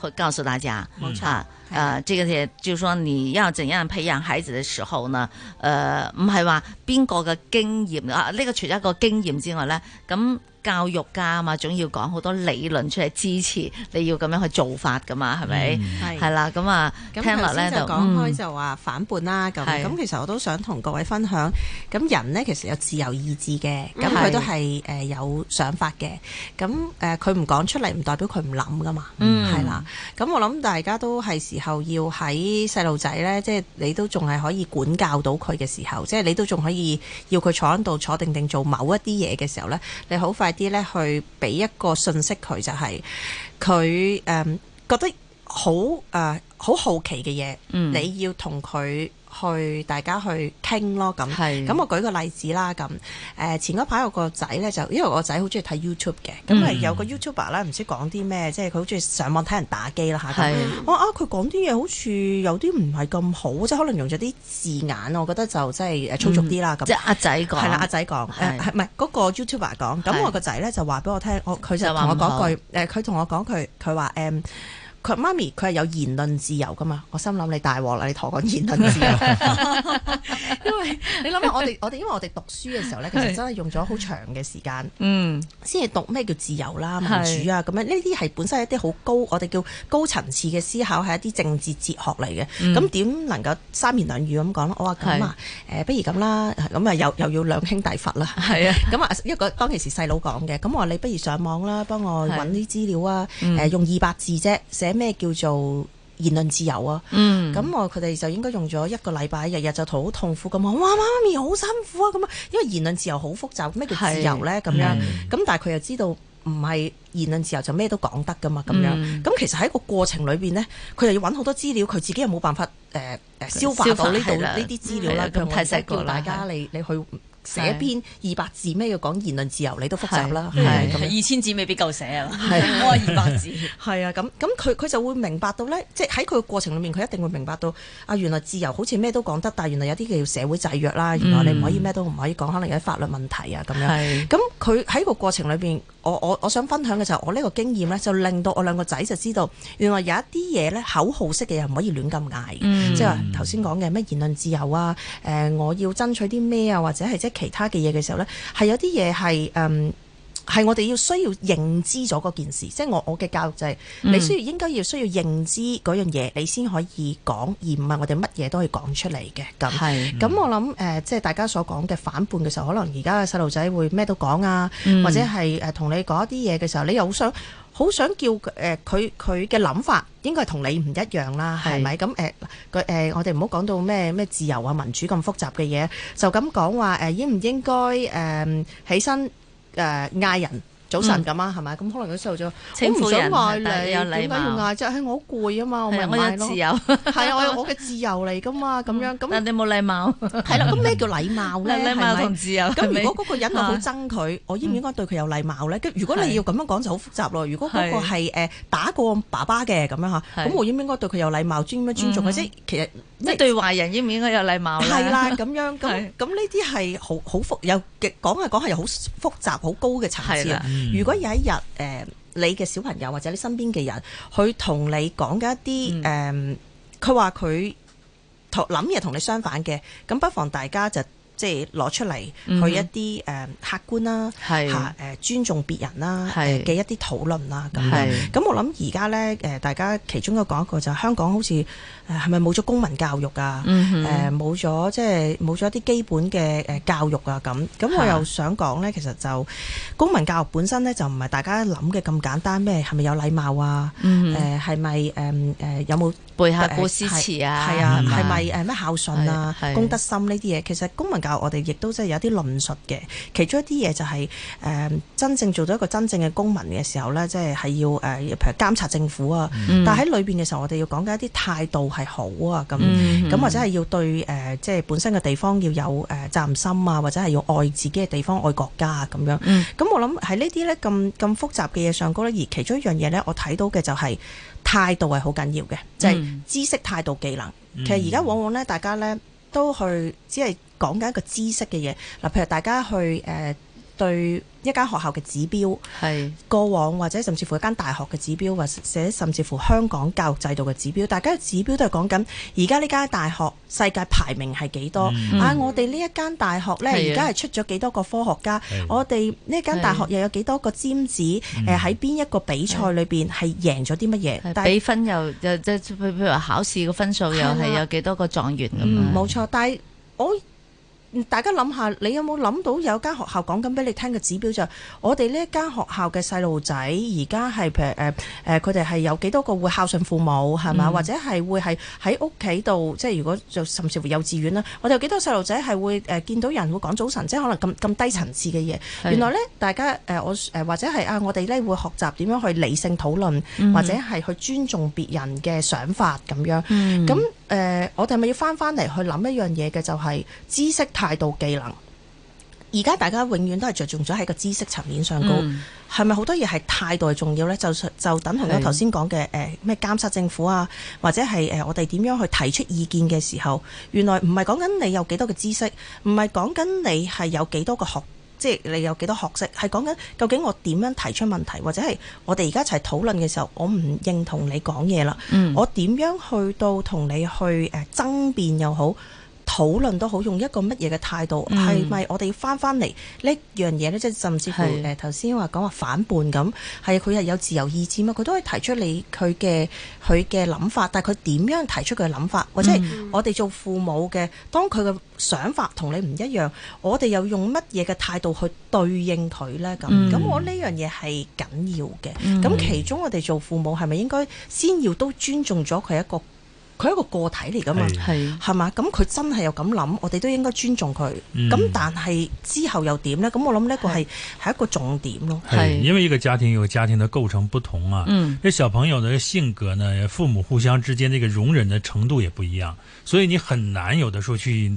會告訴大家，嗯、啊，誒、啊，這個嘢，就是說你要怎樣培養孩子的時候呢？誒、呃，唔係話邊個嘅經驗啊？呢個除咗一個經驗之外呢咁。嗯教育家啊嘛，總要講好多理論出嚟支持，你要咁樣去做法噶嘛，係咪、嗯？係係啦，咁啊，嗯嗯嗯、聽落咧就講開就話反叛啦咁。咁、嗯、其實我都想同各位分享，咁人咧其實有自由意志嘅，咁佢都係誒有想法嘅。咁誒的，佢唔講出嚟，唔代表佢唔諗噶嘛。嗯，係啦的。咁、嗯、我諗大家都係時候要喺細路仔咧，即、就、係、是、你都仲係可以管教到佢嘅時候，即、就、係、是、你都仲可以要佢坐喺度坐定定做某一啲嘢嘅時候咧，你好快，啲咧去俾一個信息，佢就係佢誒覺得好誒好好奇嘅嘢，嗯、你要同佢。去大家去傾咯咁，咁是我舉個例子啦咁。誒、呃、前嗰排有個仔咧，就因為我仔好中意睇 YouTube 嘅，咁係、嗯、有個 YouTuber 啦，唔知講啲咩，即係佢好中意上網睇人打機啦嚇。我是啊，佢講啲嘢好似有啲唔係咁好，即係可能用咗啲字眼，我覺得就即係誒粗俗啲啦。即係阿仔講，係啦是，阿仔講誒，係唔係嗰個 YouTuber 講？咁是我個仔咧就話俾我聽，我佢就話我句，佢同我講佢，佢話佢媽咪佢係有言論自由㗎嘛？我心諗你大鑊啦，你同我講言論自由， 因為你諗下，我哋我哋因為我哋讀書嘅時候咧，其實真係用咗好長嘅時間，嗯的，先係讀咩叫自由啦、民主啊咁的樣，呢啲係本身係一啲好高，我哋叫高層次嘅思考，係一啲政治哲學嚟嘅。咁點、嗯、能夠三言兩語咁講？我話咁啊，誒的、呃，不如咁啦，咁啊又又要兩兄弟法啦，係啊的，咁啊一個當其時細佬講嘅，咁我話你不如上網啦，幫我揾啲資料啊，誒的、呃，用二百字啫寫。咩叫做言論自由啊？嗯，咁我佢哋就應該用咗一個禮拜，日日就好痛苦咁話，哇，媽咪好辛苦啊！咁啊，因為言論自由好複雜，咩叫自由呢？咁、嗯、樣，咁但係佢又知道唔係言論自由就咩都講得噶嘛？咁樣，咁、嗯、其實喺個過程裏邊呢，佢又要揾好多資料，佢自己又冇辦法誒誒消化到呢度呢啲資料啦。佢的、嗯、那我提醒過大家你，你的你去。寫篇二百字咩要講言論自由，你都複雜啦，係咁是，樣二千字未必夠寫是 字啊。係，我話二百字，係啊，咁咁佢佢就會明白到咧，即係喺佢嘅過程裏面，佢一定會明白到啊，原來自由好似咩都講得，但係原來有啲叫社會制約啦，原來你唔可以咩都唔可以講，可能有啲法律問題啊咁樣。係。咁佢喺個過程裏邊。我我我想分享嘅就係我呢個經驗咧，就令到我兩個仔就知道，原來有一啲嘢咧，口號式嘅又唔可以亂咁嗌、嗯、即係話頭先講嘅咩言論自由啊，誒、呃、我要爭取啲咩啊，或者係即係其他嘅嘢嘅時候咧，係有啲嘢係誒。嗯係我哋要需要認知咗嗰件事，即係我我嘅教育就係你需要應該要需要認知嗰樣嘢，嗯、你先可以講，而唔係我哋乜嘢都可以講出嚟嘅。咁咁、嗯、我諗、呃、即係大家所講嘅反叛嘅時候，可能而家嘅細路仔會咩都講啊，嗯、或者係同、呃、你講一啲嘢嘅時候，你又好想好想叫佢佢嘅諗法應該係同你唔一樣啦，係咪是？咁誒佢誒我哋唔好講到咩咩自由啊民主咁複雜嘅嘢，就咁講話誒應唔應該、呃、起身。誒嗌人早晨咁啊，係咪？咁可能佢受咗，我唔想嗌你，你點解要嗌啫？誒，我好攰啊嘛，我咪嗌咯。係我自由，係啊，我我嘅自由嚟噶嘛，咁樣咁。你冇禮貌。係啦，咁咩叫禮貌咧？禮貌同自由。咁如果嗰個人我好憎佢，我應唔應該對佢有禮貌咧？如果你要咁樣講就好複雜咯。如果嗰個係誒打過爸爸嘅咁樣吓，咁我應唔應該對佢有禮貌、尊乜尊重嘅啫？其實。即對壞人應唔應該有禮貌咧？係啦，咁樣咁咁呢啲係好好複，又講係講係又好複雜、好高嘅層次啦。的嗯、如果有一日誒、呃，你嘅小朋友或者你身邊嘅人，佢同你講嘅一啲誒，佢話佢同諗嘢同你相反嘅，咁不妨大家就即係攞出嚟去一啲誒、嗯呃、客觀啦，嚇誒的、呃、尊重別人啦嘅的一啲討論啦咁樣。咁的我諗而家咧誒，大家其中有一個講一個就係、是、香港好似。誒係咪冇咗公民教育啊？誒冇咗即係冇咗一啲基本嘅誒教育啊？咁咁我又想講咧，啊、其實就公民教育本身咧，就唔係大家諗嘅咁簡單咩？係咪有禮貌啊？誒係咪誒有冇背下古詩詞啊？係啊？係咪誒咩孝順啊？公德心呢啲嘢？其實公民教育我哋亦都即係有啲論述嘅，其中一啲嘢就係、是、誒、呃、真正做到一個真正嘅公民嘅時候咧，即係係要誒、呃、譬如監察政府啊。嗯、但係喺裏邊嘅時候，我哋要講緊一啲態度。係好啊，咁咁、mm hmm. 或者係要對誒、呃，即係本身嘅地方要有誒責任心啊，或者係要愛自己嘅地方，愛國家啊，咁樣。咁、mm hmm. 我諗喺呢啲呢，咁咁複雜嘅嘢上高呢，而其中一樣嘢呢，我睇到嘅就係態度係好緊要嘅，即係知識、態度、技能。Mm hmm. 其實而家往往呢，大家呢都去只係講緊一個知識嘅嘢。嗱，譬如大家去誒。呃對一間學校嘅指標，係是過往或者甚至乎一間大學嘅指標，或者甚至乎香港教育制度嘅指標，大家嘅指標都係講緊。而家呢間大學世界排名係幾多？嗯、啊，我哋呢一間大學呢，而家係出咗幾多個科學家？的我哋呢間大學又有幾多個尖子？誒的，喺邊、呃、一個比賽裏邊係贏咗啲乜嘢？但比分又即係譬如話考試嘅分數又係有幾多個狀元咁冇、嗯、錯，但係我。大家諗下，你有冇諗到有間學校講緊俾你聽嘅指標，就係我哋呢一間學校嘅細路仔而家係譬如誒誒佢哋係有幾多個會孝順父母係嘛，嗯、或者係會係喺屋企度，即係如果就甚至乎幼稚園啦，我哋有幾多細路仔係會誒、呃、見到人會講早晨，即係可能咁咁低層次嘅嘢。的原來咧，大家誒我、呃、或者係啊，我哋咧會學習點樣去理性討論，嗯、或者係去尊重別人嘅想法咁樣。咁、嗯誒、呃，我哋係咪要翻翻嚟去諗一樣嘢嘅？就係、是、知識、態度、技能。而家大家永遠都係着重咗喺個知識層面上高，係咪好多嘢係態度重要呢？就就等同我頭先講嘅誒，咩監是的 察政府啊，或者係誒，我哋點樣去提出意見嘅時候，原來唔係講緊你有幾多個知識，唔係講緊你係有幾多個學。即係你有幾多學識，係講緊究竟我點樣提出問題，或者係我哋而家一齊討論嘅時候，我唔認同你講嘢啦。嗯、我點樣去到同你去誒爭辯又好？討論都好，用一個乜嘢嘅態度？係咪、嗯、我哋翻翻嚟呢樣嘢呢？即係甚至乎誒頭先話講話反叛咁，係佢係有自由意志嘛？佢都可以提出你佢嘅佢嘅諗法，但係佢點樣提出佢嘅諗法？嗯、或者係我哋做父母嘅，當佢嘅想法同你唔一樣，我哋又用乜嘢嘅態度去對應佢呢？咁咁、嗯，咁我呢樣嘢係緊要嘅。咁、嗯、其中我哋做父母係咪應該先要都尊重咗佢一個？佢係一個個體嚟噶嘛，係係嘛？咁佢真係有咁諗，我哋都應該尊重佢。咁、嗯、但係之後又點呢？咁我諗呢一個係係一個重點咯。係因為一個家庭有家庭的構成不同啊，嗯，小朋友的性格呢，父母互相之間呢個容忍的程度也不一樣，所以你很難有的時候去。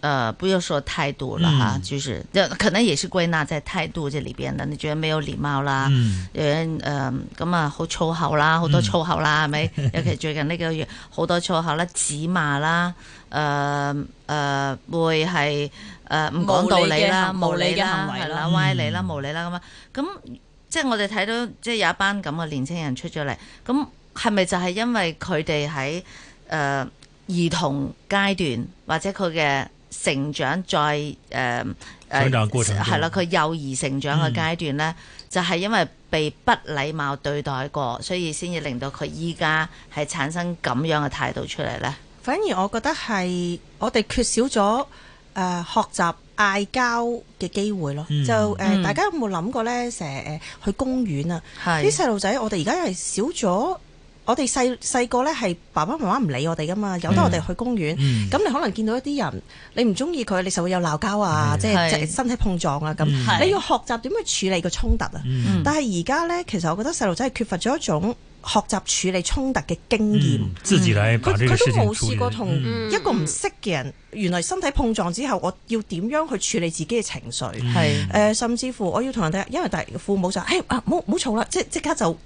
誒、呃，不要說態度啦，吓、嗯，就是，可能也是歸納在態度這裏邊的。你覺得沒有禮貌啦，嗯、有人誒，咁啊好粗口啦，好多粗口啦，係咪？尤其最近呢個月好多粗口啦，指罵啦，誒、呃、誒、呃呃，會係誒唔講道理啦，無理啦，係啦，歪理啦，無理啦咁啊。咁即係我哋睇到，即係有一班咁嘅年青人出咗嚟，咁係咪就係因為佢哋喺誒兒童階段或者佢嘅？成長在誒誒係啦，佢、呃、幼兒成長嘅階段呢，嗯、就係因為被不禮貌對待過，所以先至令到佢依家係產生咁樣嘅態度出嚟呢。反而我覺得係我哋缺少咗誒、呃、學習嗌交嘅機會咯。嗯、就誒，呃嗯、大家有冇諗過呢？成日去公園啊，啲細路仔，我哋而家係少咗。我哋細細個咧，係爸爸媽媽唔理我哋噶嘛，由得、嗯、我哋去公園。咁、嗯、你可能見到一啲人，你唔中意佢，你就會有鬧交啊，即係身體碰撞啊咁。是你要學習點去處理個衝突啊。嗯、但係而家咧，其實我覺得細路仔係缺乏咗一種學習處理衝突嘅經驗。佢、嗯、都冇試過同一個唔識嘅人，嗯嗯、原來身體碰撞之後，我要點樣去處理自己嘅情緒？誒是、呃，甚至乎我要同人哋，因為但係父母就誒、哎、啊，唔好嘈啦，即即刻就。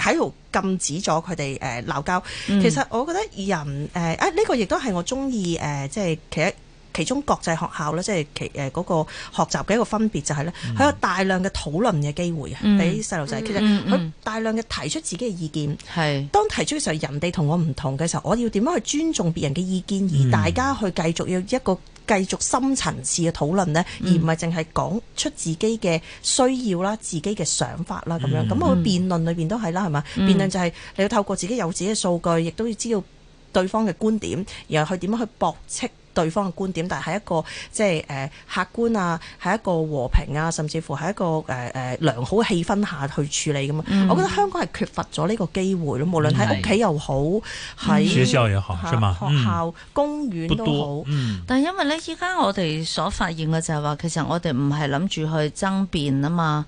喺度禁止咗佢哋誒鬧交。其實我覺得人誒，啊呢個亦都係我鍾意誒，即、呃、係其實其中國際學校咧，即係其嗰個、呃、學習嘅一個分別就係、是、咧，佢、嗯、有大量嘅討論嘅機會啊，俾細路仔。嗯嗯嗯、其實佢大量嘅提出自己嘅意見，係是當提出嘅時候，人哋同我唔同嘅時候，我要點樣去尊重別人嘅意見，而大家去繼續要一個。繼續深層次嘅討論呢，而唔係淨係講出自己嘅需要啦、自己嘅想法啦咁、嗯、樣。咁我、嗯、辯論裏邊都係啦，係嘛？嗯、辯論就係、是、你要透過自己有自己嘅數據，亦都要知道對方嘅觀點，然後去點樣去駁斥。對方嘅觀點，但係一個即係誒客觀啊，係一個和平啊，甚至乎係一個誒誒、呃、良好嘅氣氛下去處理咁嘛。嗯、我覺得香港係缺乏咗呢個機會咯，無論喺屋企又好，喺、嗯、學校也好，係嘛、學校公園都好。嗯好嗯、但係因為呢，依家我哋所發現嘅就係話，其實我哋唔係諗住去爭辯啊嘛。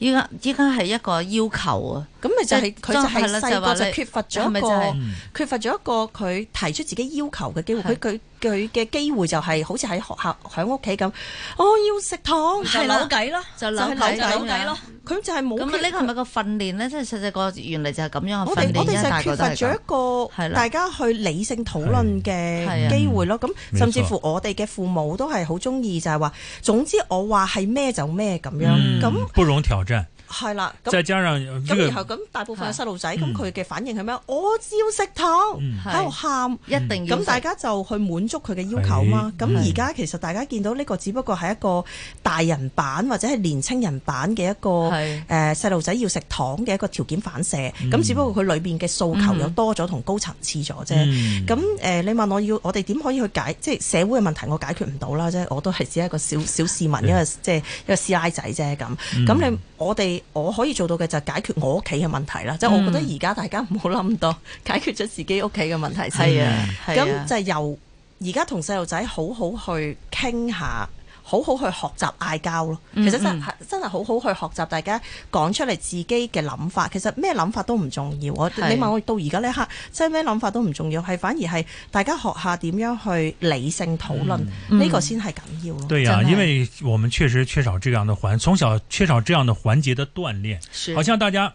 依家依家係一個要求啊。咁咪就係佢就係細個就缺乏咗一個缺乏咗一個佢提出自己要求嘅機會，佢佢佢嘅機會就係好似喺學校喺屋企咁，我要食糖，就扭計咯，就扭扭計咯，佢就係冇。咁呢個係咪個訓練咧？即係細細個原嚟就係咁樣。我哋我哋就缺乏咗一個大家去理性討論嘅機會咯。咁甚至乎我哋嘅父母都係好中意就係話，總之我話係咩就咩咁樣。咁不容挑戰。係啦，咁咁然後咁大部分嘅細路仔，咁佢嘅反應係咩？我只要食糖，喺度喊，一定要咁大家就去滿足佢嘅要求嘛。咁而家其實大家見到呢個只不過係一個大人版或者係年青人版嘅一個誒細路仔要食糖嘅一個條件反射。咁只不過佢裏面嘅訴求又多咗同高層次咗啫。咁誒，你問我要我哋點可以去解？即係社會嘅問題，我解決唔到啦即係。我都係只係一個小小市民，一個即係一個師奶仔啫咁。咁你我哋。我可以做到嘅就係解決我屋企嘅問題啦，即係、嗯、我覺得而家大家唔好諗咁多，解決咗自己屋企嘅問題先。係啊，咁、啊、就係由而家同細路仔好好去傾下。好好去學習嗌交咯，其實真係真係好好去學習大家講出嚟自己嘅諗法，其實咩諗法都唔重要啊！是你問我到而家呢刻，即係咩諗法都唔重要，係反而係大家學下點樣去理性討論呢、嗯、個先係緊要咯。嗯、的對啊，因為我們確實缺少這樣的環，從小缺少這樣的環節的鍛鍊，是好像大家。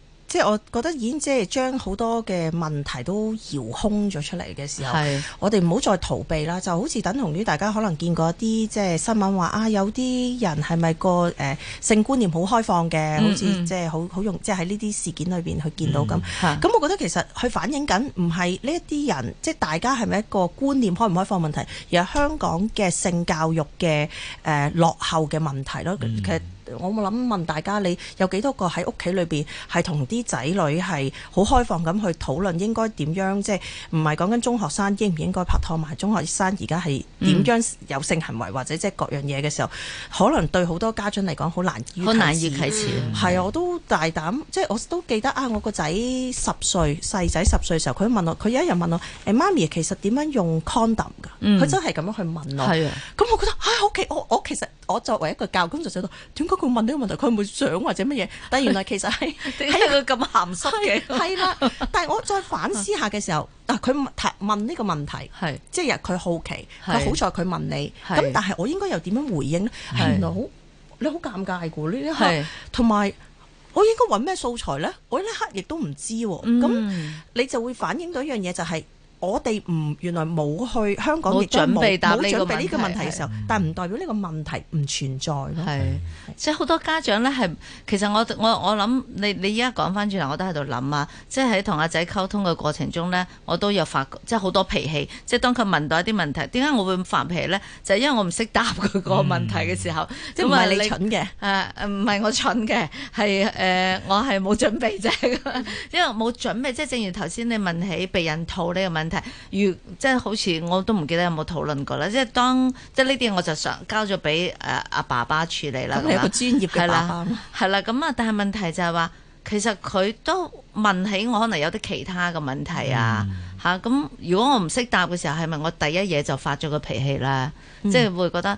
即係我覺得已經即係將好多嘅問題都遙空咗出嚟嘅時候，是我哋唔好再逃避啦。就好似等同於大家可能見過啲即係新聞話啊，有啲人係咪個誒、呃、性觀念好開放嘅。嗯嗯好似即係好好容，即係喺呢啲事件裏面去見到咁。咁、嗯、我覺得其實佢反映緊唔係呢一啲人，即係大家係咪一個觀念開唔開放問題，而係香港嘅性教育嘅誒、呃、落後嘅問題咯。嗯、其實我冇諗問大家，你有幾多個喺屋企裏邊係同啲仔女係好開放咁去討論應該點樣？即係唔係講緊中學生應唔應該拍拖，埋中學生而家係點樣有性行為或者即係各樣嘢嘅時候，嗯、可能對好多家長嚟講好難。好難以啟齒係啊！我都大膽，即係我都記得啊！我個仔十歲，細仔十歲嘅時候，佢問我，佢有一日問我：誒、欸、媽咪，其實點樣用 condom 㗎？」佢、嗯、真係咁樣去問我。係啊。咁我覺得啊，OK、哎、我我其實我作為一個教工作者度，點解咁？問呢個問題，佢唔會想或者乜嘢？但原來其實係係佢咁鹹濕嘅，係啦。但係我再反思下嘅時候，嗱，佢提問呢個問題，係即係佢好奇，佢好在佢問你，咁但係我應該又點樣回應咧？原來好你好尷尬嘅，呢一刻，同埋我應該揾咩素材咧？我呢一刻亦都唔知，咁你就會反映到一樣嘢，就係。我哋唔原來冇去香港亦都冇準備答呢個問題嘅時候，但唔代表呢個問題唔存在咯。即係好多家長咧，係，其實我我我諗你你依家講翻轉嚟，我都喺度諗啊。即係喺同阿仔溝通嘅過程中咧，我都有發即係好多脾氣。即係當佢問到一啲問題，點解我會咁發脾氣咧？就係因為我唔識答佢個問題嘅時候，唔係，嗯，你蠢嘅。誒唔係我蠢嘅，係誒我係冇準備啫。因為冇準備，即係正如頭先你問起避孕套呢個問題。如即係好似我都唔記得有冇討論過啦，即係當即係呢啲我就想交咗俾誒阿爸爸處理啦，咁係專業嘅爸爸，係啦，咁啊，但係問題就係話，其實佢都問起我，可能有啲其他嘅問題啊，嚇咁如果我唔識答嘅時候，係咪我第一嘢就發咗個脾氣啦？即係會覺得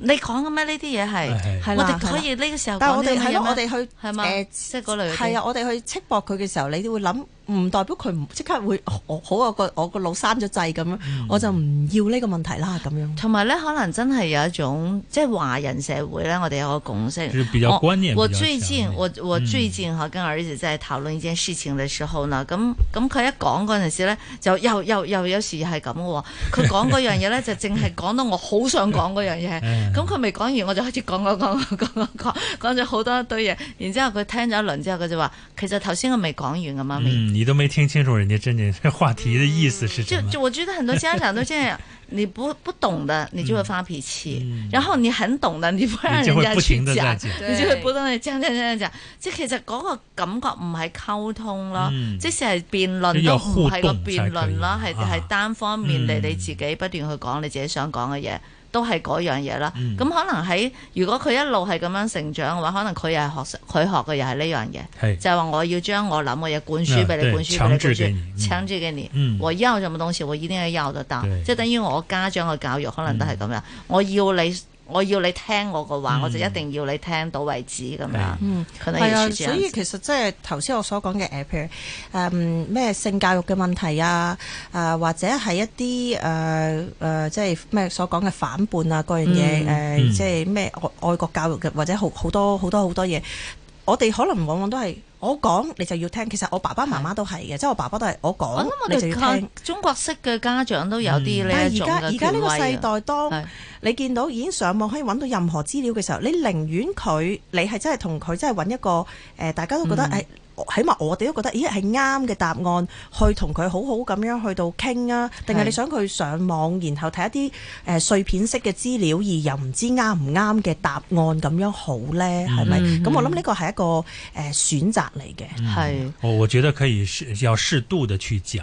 你講嘅咩呢啲嘢係，我哋可以呢個時候，但係我哋係我哋去係嘛，即係嗰類，係啊，我哋去斥駁佢嘅時候，你都會諗。唔代表佢唔即刻會好啊！個我個腦生咗掣咁樣，我就唔要呢個問題啦咁樣。同埋咧，可能真係有一種即係華人社會咧，我哋有個共識，比較關鍵我，我最近我我最近哈跟兒子係討論一件事情嘅時候呢，咁咁佢一講嗰陣時咧，就又又又，又有時係咁嘅喎。佢講嗰樣嘢咧， 就淨係講到我好想講嗰樣嘢。咁佢未講完，我就開始講講講講講講咗好多一堆嘢。然之後佢聽咗一輪之後，佢就話：其實頭先我未講完嘅你都沒聽清楚人家真正話題的意思是什麼？嗯、就，就我覺得很多家長都這樣， 你不不懂的，你就會發脾氣，嗯、然後你很懂的，你不讓人家去講，你就會不停的在講，你就會不斷的講講講講講，即對其實嗰個感覺唔係溝通咯，嗯、即使是係辯論都唔係個辯論咯，係係、啊、單方面你、啊、你自己不斷去講你自己想講嘅嘢。都係嗰樣嘢啦，咁、嗯、可能喺如果佢一路係咁樣成長嘅話，可能佢又係學佢學嘅又係呢樣嘢，是就係話我要將我諗嘅嘢灌輸俾你，灌、啊、輸俾你，灌輸，嗯、搶住俾你，我要什麼東西我一定要有得到，即係、嗯、等於我家長嘅教育可能都係咁樣，嗯、我要你。我要你聽我嘅話，我就一定要你聽到為止咁樣。係、嗯、啊，所以其實即係頭先我所講嘅，誒譬如誒咩性教育嘅問題啊，呃、或者係一啲誒誒即係咩所講嘅反叛啊嗰樣嘢，誒即係咩愛愛國教育嘅，或者好好多好多好多嘢，我哋可能往往都係。我講你就要聽，其實我爸爸媽媽都係嘅，即係的我爸爸都係我講你就要聽。中國式嘅家長都有啲咧、嗯，但係而家而家呢個世代當你見到已經上網可以揾到任何資料嘅時候，你寧願佢你係真係同佢真係揾一個誒，大家都覺得誒。嗯起碼我哋都覺得，咦係啱嘅答案，去同佢好好咁樣去到傾啊，定係你想佢上網，然後睇一啲碎片式嘅資料，而又唔知啱唔啱嘅答案咁樣好呢？係咪、嗯哼？咁我諗呢個係一個誒、呃、選擇嚟嘅。嗯、我覺得可以要適度地去講。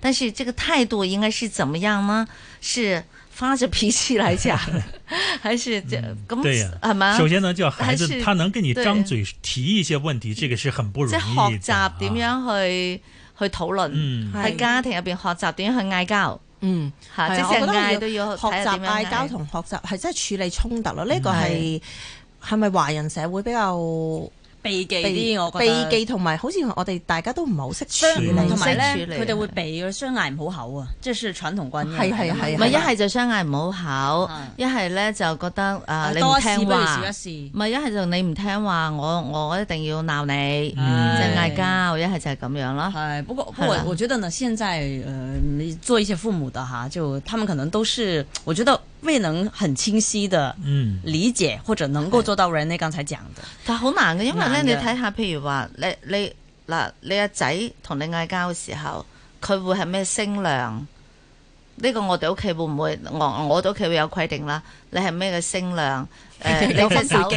但是這個態度應該是怎麼樣呢？是發着脾氣來講，還是咁啊嘛？首先呢，就要孩子，他能跟你張嘴提一些問題，這個是很不容易。即係學習點樣去去討論，喺家庭入邊學習點樣去嗌交。嗯，即係好多嘢都要學習嗌交同學習，係真係處理衝突咯。呢個係係咪華人社會比較？避忌我避忌同埋，好似我哋大家都唔係好識處理對，同埋咧佢哋會避嘅，相嗌唔好口啊，即係傳統觀念嘅。係係係唔係一係就相嗌唔好口，一係咧就覺得誒你唔聽話，唔、呃、係一係就你唔聽話，我我一定要鬧你，即係嗌交，一係就係咁樣咯。誒，不過不過，我覺得呢，現在誒，呃、你做一些父母的哈，就他們可能都是，我覺得。未能很清晰的理解、嗯、或者能夠做到人 a 剛才講的，但好難嘅，因為咧的你睇下，譬如話你你嗱你阿仔同你嗌交嘅時候，佢會係咩聲量？呢、這個我哋屋企會唔會我我屋企會有規定啦？你係咩嘅聲量？誒、呃，你隻手，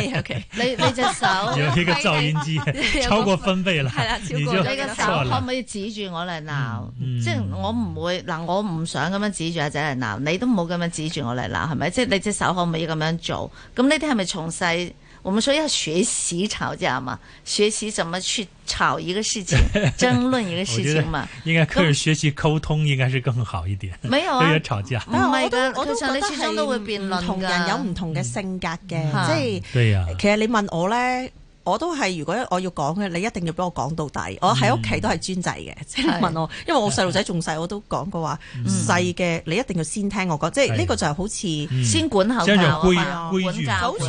你你隻手，你 個噪音機， 超過分貝啦，係啦，超過你個手，可唔可以指住我嚟鬧？嗯嗯、即係我唔會，嗱，我唔想咁樣指住阿仔嚟鬧，你都冇咁樣指住我嚟鬧，係咪？即係你隻手可唔可以咁樣做？咁呢啲係咪從細？我們說要學習吵架嘛，學習怎麼去吵一個事情， 爭論一個事情嘛。應該可以學習溝通，應該是更好一點。 沒有啊，要吵架。不是、oh my，我都覺得始終都會辯論。同人有唔同嘅性格嘅，嗯嗯、即係。對呀、啊。其實你問我咧。我都係，如果我要講嘅，你一定要俾我講到底。我喺屋企都係專制嘅，即係問我，因為我細路仔仲細，我都講過話細嘅，你一定要先聽我講。即係呢個就係好似先管後教好似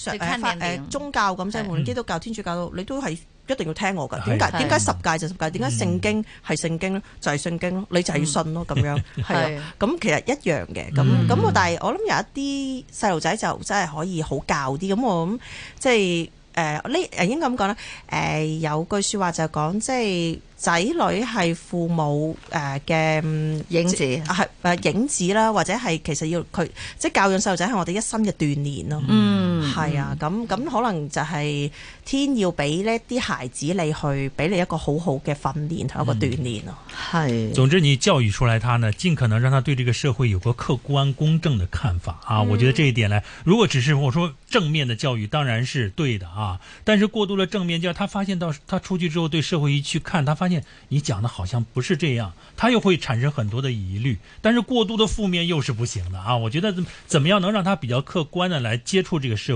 誒誒宗教咁，即係無論基督教、天主教都好，你都係一定要聽我㗎。點解？點解十戒就十戒？點解聖經係聖經咧？就係聖經咯，你就係信咯咁樣。係咁其實一樣嘅。咁咁我但係我諗有一啲細路仔就真係可以好教啲。咁我咁即係。誒呢誒應該咁講啦，誒、呃、有句說話就係講，即係仔女係父母誒嘅、呃、影子，係誒影子啦，或者係其實要佢即係教養細路仔係我哋一生嘅鍛鍊咯。嗯。係啊，咁咁可能就係天要俾呢啲孩子你去俾你一個好好嘅訓練，同一個鍛煉咯。係、嗯，總之你教育出來他呢，盡可能讓他對這個社會有個客觀公正的看法啊！我覺得這一點呢，如果只是我說正面的教育，當然是對的啊。但是過度了正面教育，他發現到他出去之後對社會一去看，他發現你講的好像不是這樣，他又會產生很多的疑慮。但是過度的負面又是不行的啊！我覺得怎麼樣能讓他比較客觀的來接觸這個社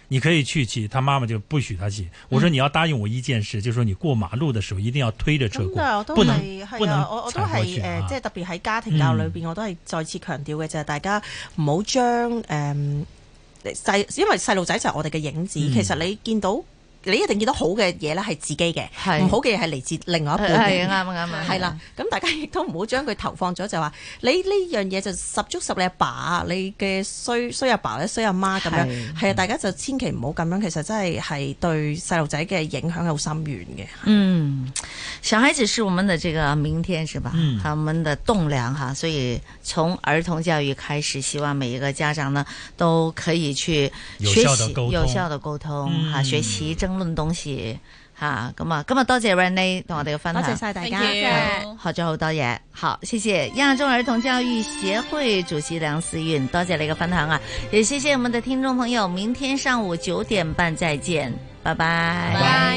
你可以去騎，他媽媽就不許他去，我說你要答應我一件事，嗯、就是說你過馬路的時候一定要推着車過，嗯、不能不能，我都係即係特別喺家庭教育裏邊，嗯、我都係再次強調嘅就係大家唔好將誒、嗯、因為細路仔就係我哋嘅影子。嗯、其實你見到。你一定見到好嘅嘢咧，係自己嘅；唔好嘅嘢係嚟自另外一半嘅。係啱啊，啱係啦，咁、嗯、大家亦都唔好將佢投放咗，就話你呢樣嘢就十足十你阿爸，你嘅衰衰阿爸或者衰阿媽咁樣，係啊，大家就千祈唔好咁樣，其實真係係對細路仔嘅影響好深遠嘅。嗯，小孩子是我們的這個明天，是吧？嗯，他們的棟樑吓。所以從兒童教育開始，希望每一個家長呢都可以去學習，有效的溝通吓，學習。討論董事吓咁啊！今日多謝 Randy 同我哋嘅分享，多謝晒大家，學咗謝、嗯、好多嘢。好，謝謝亞洲兒童教育協會主席梁思韻，多謝你嘅分享啊！也謝謝我們的聽眾朋友，明天上午九點半再見，拜拜。Bye